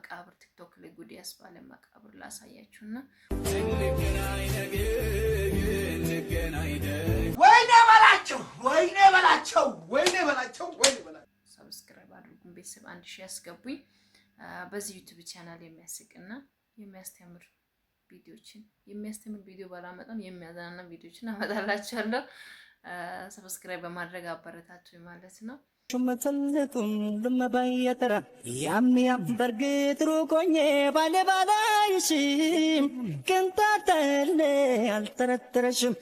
መቃብር ቲክቶክ ላይ ጉድ ያስባለ መቃብር ላሳያችሁ እና ወይኔ በላቸው ወይኔ በላቸው ወይኔ በላቸው ወይኔ በላቸው። ሰብስክራይብ አድርጉን ቤተሰብ አንድ ሺህ ያስገቡኝ። በዚህ ዩቱብ ቻናል የሚያስቅና የሚያስተምር ቪዲዮችን የሚያስተምር ቪዲዮ ባላመጣም የሚያዝናና ቪዲዮችን አመጣላችኋለሁ። ሰብስክራይብ በማድረግ አበረታቱ ማለት ነው። ሹምትልጡም ልመባየተረ ያም ያም በርግጥ ሩቆኜ ባለባላይሽም ቅንጣጠል አልጠረጠረሽም።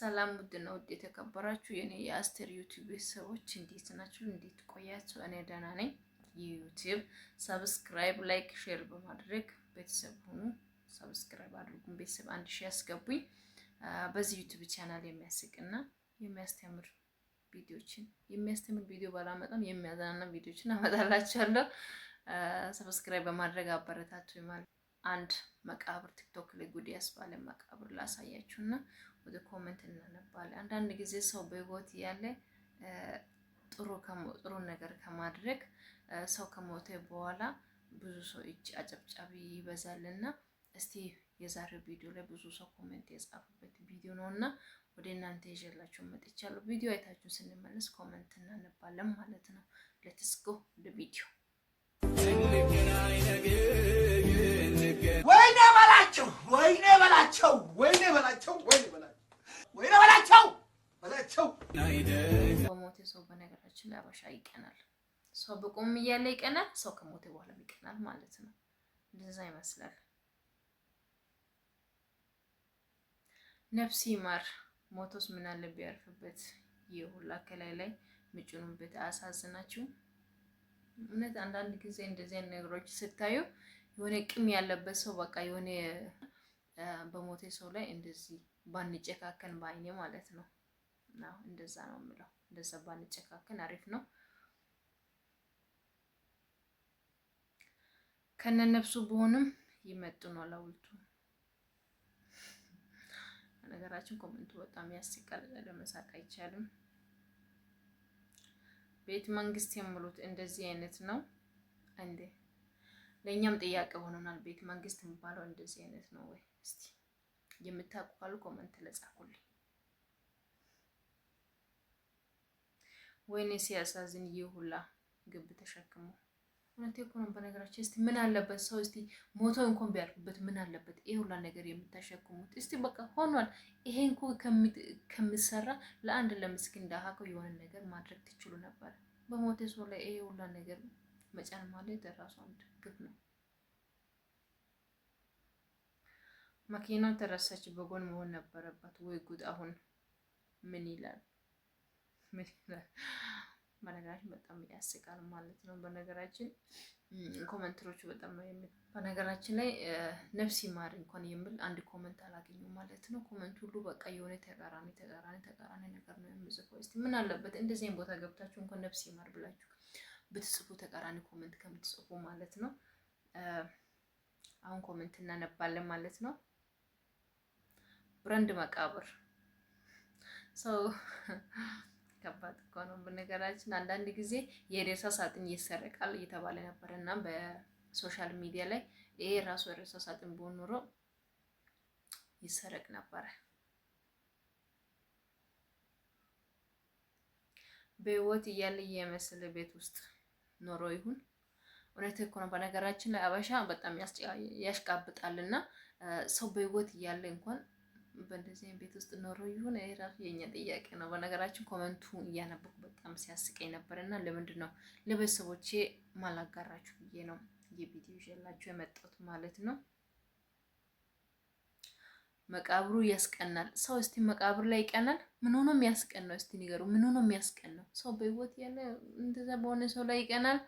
ሰላም ውድና ውድ የተከበራችሁ የኔ የአስቴር ዩቲዩብ ቤተሰቦች እንዴት ናችሁ? እንዴት ቆያችሁ? እኔ ደህና ነኝ። ዩቲዩብ ሰብስክራይብ፣ ላይክ፣ ሼር በማድረግ ቤተሰብ ሁኑ። ሰብስክራይብ አድርጉን ቤተሰብ አንድ ሺህ ያስገቡኝ። በዚህ ዩቲዩብ ቻናል የሚያስቅና የሚያስተምር ቪዲዮችን የሚያስተምር ቪዲዮ ባላመጣም የሚያዝናና ቪዲዮችን አመጣላችኋለሁ። ሰብስክራይብ በማድረግ አበረታቱ። ማለት አንድ መቃብር ቲክቶክ ላይ ጉድ ያስባለ መቃብር ላሳያችሁ እና ወደ ኮመንት እናነባለን። አንዳንድ ጊዜ ሰው በህይወት እያለ ጥሩ ጥሩ ነገር ከማድረግ ሰው ከሞተ በኋላ ብዙ ሰው እጅ አጨብጫቢ ይበዛልና እስቲ የዛሬው ቪዲዮ ላይ ብዙ ሰው ኮሜንት የጻፉበት ቪዲዮ ነው እና ወደ እናንተ ይዤላችሁ መጥቻለሁ። ቪዲዮ አይታችሁ ስንመለስ ኮሜንት እናነባለን ማለት ነው። ሌትስ ጎ ወደ ቪዲዮ ወይኔ በላቸው ወይኔ በላቸው ወይኔ በላቸው ወይኔ በላቸው በላቸው። ሰው በነገራችን ላይ አበሻ ይቀናል። ሰው በቁም እያለ ይቀናል። ሰው ከሞተ በኋላ ይቀናል ማለት ነው። እንደዛ ይመስላል። ነፍስ ይማር ሞቶስ ምን አለ ቢያርፍበት። ይህ ሁላ ከላይ ላይ ምጩንም ምጭኑበት አያሳዝናችሁ? እውነት አንዳንድ ጊዜ እንደዚህ አይነት ነገሮች ስታዩ የሆነ ቂም ያለበት ሰው በቃ የሆነ በሞቴ ሰው ላይ እንደዚህ ባንጨካከን በአይኔ ማለት ነው። አዎ እንደዛ ነው የምለው። እንደዛ ባንጨካከን አሪፍ ነው። ከነ በሆንም ይመጡ ነው ሐውልቱ። ነገራችን ኮመንቱ በጣም ያስቃል። ለመሳቅ አይቻልም። ቤት መንግስት የምሉት እንደዚህ አይነት ነው እንዴ? ለእኛም ጥያቄ ሆኖናል። ቤት መንግስት የሚባለው እንደዚህ አይነት ነው ወይ? እስቲ የምታውቁ ካሉ ኮመንት ለጻፉልኝ። ወይኔ ሲያሳዝን ይህ ሁላ ግብ ተሸክሞ እውነት እኮ ነው። በነገራችን እስቲ ምን አለበት ሰው እስቲ ሞቶ እንኳን ቢያልፉበት ምን አለበት? ይሄ ሁላ ነገር የምታሸክሙት እስቲ በቃ ሆኗል። ይሄ እኮ ከምሰራ ለአንድ ለምስኪን ዳሃ እኮ የሆነ ነገር ማድረግ ትችሉ ነበር። በሞተ ሰው ላይ ይሄ ሁላ ነገር መጫን ማለት ራሱ አንድ ግፍ ነው። መኪናው ተረሳች፣ በጎን መሆን ነበረበት ወይ ጉድ! አሁን ምን ይላል? ምን ይላል? በነገራችን በጣም ያስቃል ማለት ነው። በነገራችን ኮመንትሮቹ በጣም ነው የሚ በነገራችን ላይ ነፍስ ይማር እንኳን የሚል አንድ ኮመንት አላገኙ ማለት ነው። ኮመንት ሁሉ በቃ የሆነ ተቃራኒ ተቃራኒ ተቃራኒ ነገር ነው የምጽፈው። እስቲ ምን አለበት እንደዚህም ቦታ ገብታችሁ እንኳን ነፍስ ይማር ብላችሁ ብትጽፉ ተቃራኒ ኮመንት ከምትጽፉ ማለት ነው። አሁን ኮመንት እናነባለን ማለት ነው። ብራንድ መቃብር ሰው ከባድ እኮ ነው። በነገራችን አንዳንድ ጊዜ የሬሳ ሳጥን ይሰረቃል እየተባለ ነበር እና በሶሻል ሚዲያ ላይ ይሄ ራሱ የሬሳ ሳጥን ቢሆን ኖሮ ይሰረቅ ነበረ። በህይወት እያለ የመስል ቤት ውስጥ ኖሮ ይሁን እውነት እኮ ነው። በነገራችን ላይ አበሻ በጣም ያሽቃብጣልና ሰው በህይወት እያለ እንኳን በእንደዚህ ቤት ውስጥ ኖሮ ይሁን ይሄ ራሱ የኛ ጥያቄ ነው። በነገራችን ኮመንቱ እያነበኩ በጣም ሲያስቀኝ ነበር እና ለምንድን ነው ለቤተሰቦቼ ማላጋራችሁ ብዬ ነው የቪዲዮ ይዤላችሁ የመጣሁት ማለት ነው። መቃብሩ ያስቀናል። ሰው እስቲ መቃብር ላይ ይቀናል? ምን ሆኖ ነው? እስቲ ንገሩ። ምን ሆኖ ነው? ሰው በህይወት ያለ እንደዛ በሆነ ሰው ላይ ይቀናል?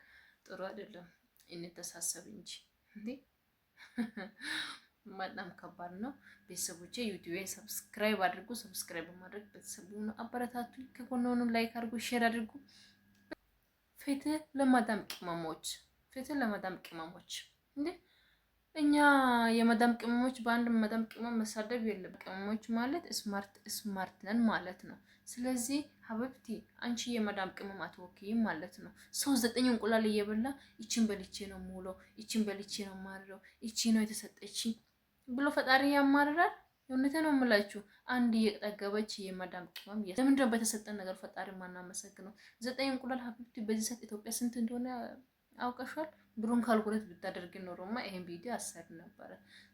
ጥሩ አይደለም። እንተሳሰብ እንጂ በጣም ከባድ ነው። ቤተሰቦቼ ዩቲዩቤን ሰብስክራይብ አድርጉ። ሰብስክራይብ በማድረግ ቤተሰቡ አበረታቱ። ከጎኖኑም ላይክ አድርጉ፣ ሼር አድርጉ። ፍትህ ለማዳም ቅመሞች፣ ፍትህ ለማዳም ቅመሞች። እንዴ እኛ የማዳም ቅመሞች በአንድ ማዳም ቅመም መሳደብ የለም። ቅመሞች ማለት ስማርት ስማርት ነን ማለት ነው። ስለዚህ ሀበብቲ አንቺ የማዳም ቅመም አትወክይም ማለት ነው። ሰው ዘጠኝ እንቁላል እየበላ ይችን በልቼ ነው ሙሎ፣ ይችን በልቼ ነው ማርረው፣ ይቺ ነው የተሰጠችኝ ብሎ ፈጣሪ ያማርራል። እውነቴ ነው የምላችሁ። አንድ እየጠገበች የማዳም ቅመም ለምንድነው በተሰጠን ነገር ፈጣሪ ማናመሰግነው? ዘጠኝ እንቁላል ሀብብቲ በዚህ ሰዓት ኢትዮጵያ ስንት እንደሆነ አውቀሻል? ብሩን ካልኩሌት ብታደርግ ኖሮማ ይሄን ቪዲዮ አሰር ነበረ።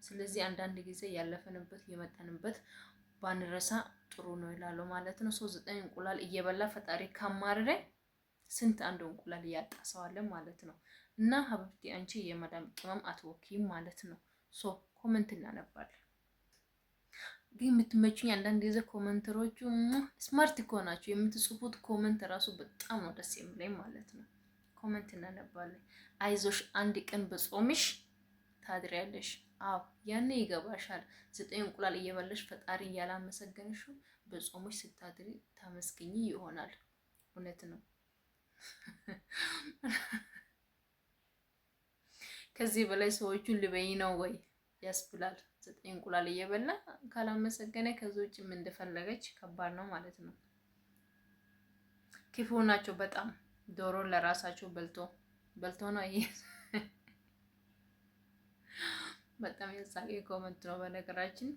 ስለዚህ አንዳንድ ጊዜ ያለፈንበት የመጠንበት ባንረሳ ጥሩ ነው ይላሉ ማለት ነው። ሰው ዘጠኝ እንቁላል እየበላ ፈጣሪ ካማረረ ስንት አንድ እንቁላል እያጣሰዋለን ማለት ነው። እና ሀብብቲ አንቺ የማዳም ቅመም አትወኪም ማለት ነው። ሶ ኮመንት እናነባለን። ግን የምትመቹኝ አንዳንድ ጊዜ ኮመንተሮቹ ስማርት እኮ ናቸው። የምትጽፉት ኮመንት ራሱ በጣም ነው ደስ የሚለኝ ማለት ነው። ኮመንት እናነባለን። አይዞሽ አንድ ቀን በጾምሽ ታድሪያለሽ። አዎ ያኔ ይገባሻል። ዘጠኝ እንቁላል እየበለሽ ፈጣሪ እያላመሰገንሽው በጾምሽ ስታድሪ ታመስገኝ ይሆናል። እውነት ነው። ከዚህ በላይ ሰዎቹን ልበይ ነው ወይ ያስብላል። ዘጠኝ እንቁላል እየበላ ካላመሰገነ ከዚ ውጭ ምን እንደፈለገች ከባድ ነው ማለት ነው። ክፉ ናቸው በጣም ዶሮ ለራሳቸው በልቶ በልቶ ነው ይሄ በጣም የሳቂ ኮመንት ነው። በነገራችን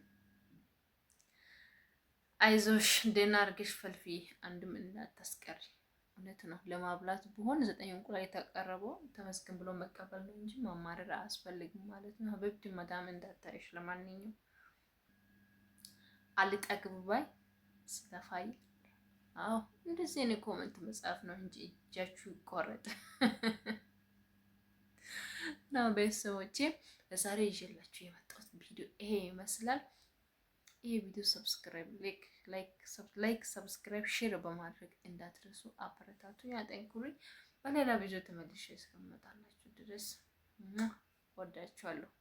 አይዞሽ ደህና አድርገሽ ፈልፊ አንድም እንዳታስቀሪ። እውነት ነው። ለማብላት ቢሆን ዘጠኝ እንቁላል የተቀረበው ተመስገን ብሎ መቀበል ነው እንጂ ማማረር አያስፈልግም ማለት ነው። ሀበብቲ መዳም እንዳታይሽ። ለማንኛውም አልጠግብ ባይ ስለፋይ አዎ፣ እንደዚህ እኔ ኮመንት መጽሐፍ ነው እንጂ እጃችሁ ይቆረጥ እና ቤተሰቦቼ ለዛሬ ይዤላችሁ የመጣሁት ቪዲዮ ይሄ ይመስላል። ይህ ቪዲዮ ሰብስክራይብ፣ ላይክ፣ ሰብስክራይብ፣ ሼር በማድረግ እንዳትረሱ። አበረታቱ፣ ያጠንክሩኝ። በሌላ ቪዲዮ ተመልሼ እስከምመጣላችሁ ድረስ ወዳችኋለሁ።